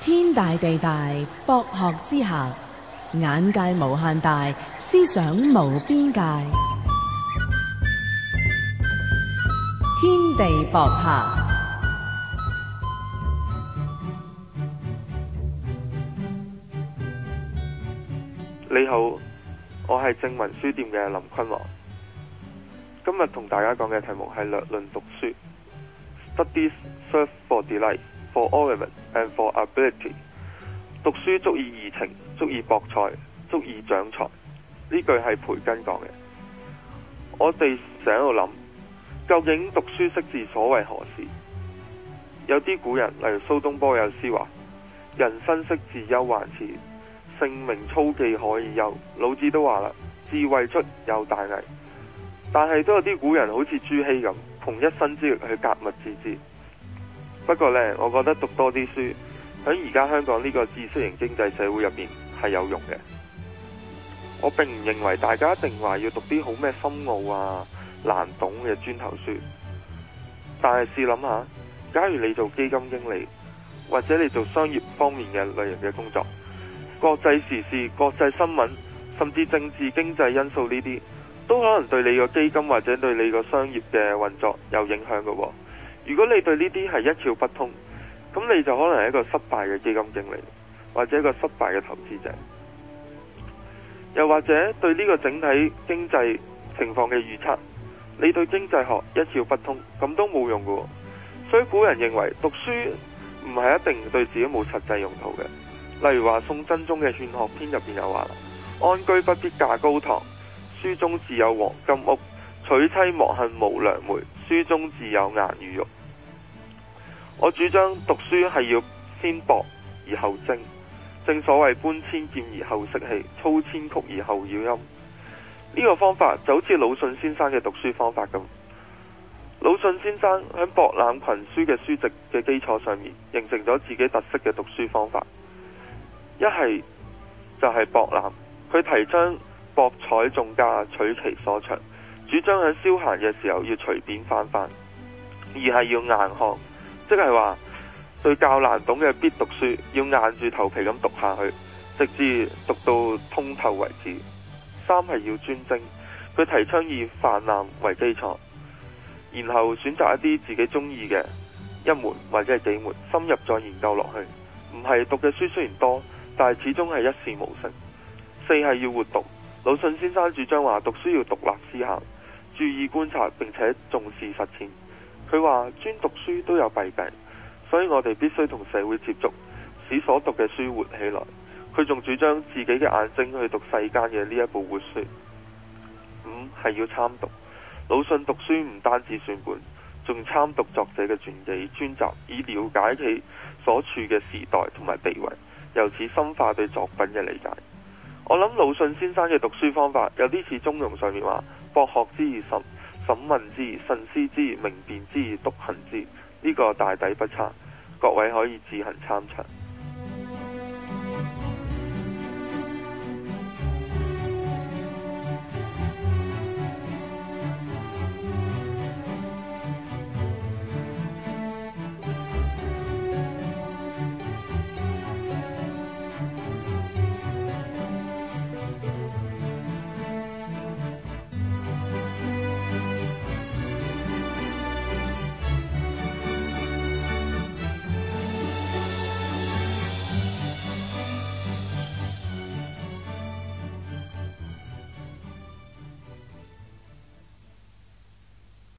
天大地大，博學之下，眼界無限大，思想無邊界。天地博客，你好，我係正文書店嘅林坤華。今日同大家講嘅題目係略論讀書，Studies serve for delight. for ornament and for ability，讀書足以怡情，足以博采，足以長才。呢句係培根講嘅。我哋成日喺度諗，究竟讀書識字所為何事？有啲古人例如蘇東坡有詩話：人生識字憂患始，姓名粗記可以有。老子都話啦，智慧出有大偽，但係都有啲古人好似朱熹咁，窮一身之力去格物致知。不過呢，我覺得讀多啲書喺而家香港呢個知識型經濟社會入面係有用嘅。我並唔認為大家一定話要讀啲好咩深奧啊難懂嘅磚頭書。但係試諗下，假如你做基金經理或者你做商業方面嘅類型嘅工作，國際時事、國際新聞甚至政治經濟因素呢啲，都可能對你個基金或者對你個商業嘅運作有影響㗎喎。如果你對呢啲係一竅不通，咁你就可能係一個失敗嘅基金經理，或者一個失敗嘅投資者。又或者對呢個整體經濟情況嘅預測，你對經濟學一竅不通，咁都冇用㗎。所以古人認為讀書唔係一定對自己冇實際用途嘅。例如話宋真宗嘅《勸學篇》入邊有話：安居不必架高堂，書中自有黃金屋，娶妻莫恨無良媒。書中自有顏如玉。我主張讀書係要先博而後精，正所謂觀千劍而後識器，操千曲而後曉音。呢、這個方法就好似魯迅先生嘅讀書方法咁。魯迅先生喺博覽群書嘅書籍嘅基礎上面，形成咗自己特色嘅讀書方法。一係就係、是、博覽，佢提倡博採眾家，取其所長。主張喺消閒嘅時候要隨便翻翻，二係要硬學，即係話對較難懂嘅必讀書，要硬住頭皮咁讀下去，直至讀到通透為止。三係要專精，佢提倡以泛濫為基礎，然後選擇一啲自己中意嘅一門或者係幾門，深入再研究落去。唔係讀嘅書雖然多，但係始終係一事無成。四係要活讀，魯迅先生主張話讀書要獨立思考。注意觀察並且重視實踐。佢話專讀書都有弊病，所以我哋必須同社會接觸，使所讀嘅書活起來。佢仲主張自己嘅眼睛去讀世間嘅呢一部活書。五係要參讀。魯迅讀書唔單止算本，仲參讀作者嘅傳記專集，以了解佢所處嘅時代同埋地位，由此深化對作品嘅理解。我諗魯迅先生嘅讀書方法有啲似中庸上面話。博學之審，審審問之，慎思之，明辨之，篤行之。呢、這個大抵不差，各位可以自行參詳。